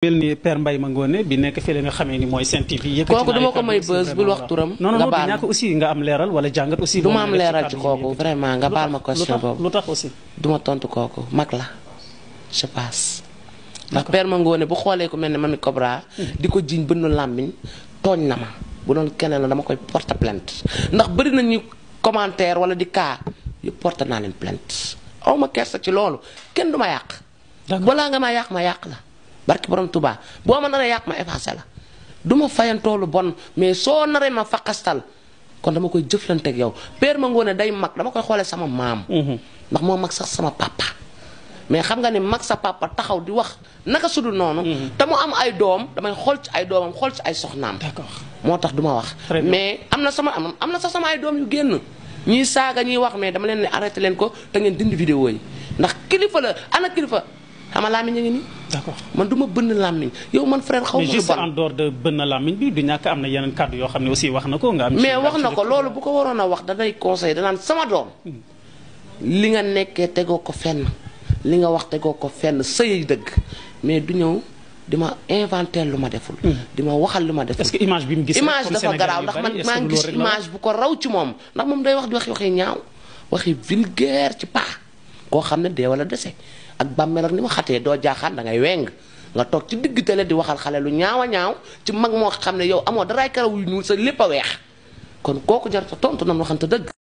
mel ni Père Mbaye Mangone bi nekk fële nga xamee ni mooy Sen TV yëkkati kooku duma ko may bës bul wax turam non non ñàkk aussi nga am am leeral kooku vraiment nga baal ma question boobu lu tax aussi duma tontu kooku mag la je passe ndax ma ngoone bu xoolee ku mel ne Mamy Cobra hmm. di ko jiiñ bënn làmmiñ tooñ na ma bu doon keneen la dama koy porte plant ndax bëri nañu commentaire wala di kaa yëpp porte naa leen plainte awma kersa ci loolu kenn du ma yàq balaa nga ma yàq ma yàq la barki borom tuba bo ma nara yak ma efasal duma fayanto tolu bon mais so nare ma fakastal kon dama koy jeuflante ak yow père ma ngone day mak dama koy xolé sama mam mhm. ndax mo mak sax sama papa mais xam nga ni mak sa papa taxaw di wax naka sudu nonu mhm. am ay dom damay xol ci ay domam xol ci ay soxnam d'accord motax duma wax mais amna sama amna sa sama ay dom yu genn ñi saga ñi wax mais dama len arrêté len ko ta ngeen dindi vidéo yi ndax kilifa la ana kilifa xama lami ñi ngi ni d'accord man du ma bënn làmmiñ yow man frère xaw ma lu juste en dehors de am na yeneen kàddu yoo xam ne aussi wax na ko nga mais wax na ko loolu bu ko waroon a wax danay conseil danaan sama doom hmm. li nga nekkee tegoo ko fenn li nga wax tegoo ko fenn sëy dëgg mais du ñëw di ma inventé lu ma deful. Hmm. di ma waxal lu ma deful. est que image bi mu gis image dafa garaaw ndax man maa ngi gis image bu ko raw ci moom ndax moom day wax di wax waxi ñaaw waxi vulgaire ci paax koo xam ne dee wala dese. ak bàmmeel ak ni mu xatee doo jaaxaan da ngay weng nga toog ci digg télé di waxal xale lu ñaaw a ñaaw ci mag moo xam ne yow amoo daray karaw ñuul sa lépp a weex kon kooku jarta tontu nan waxante dëgg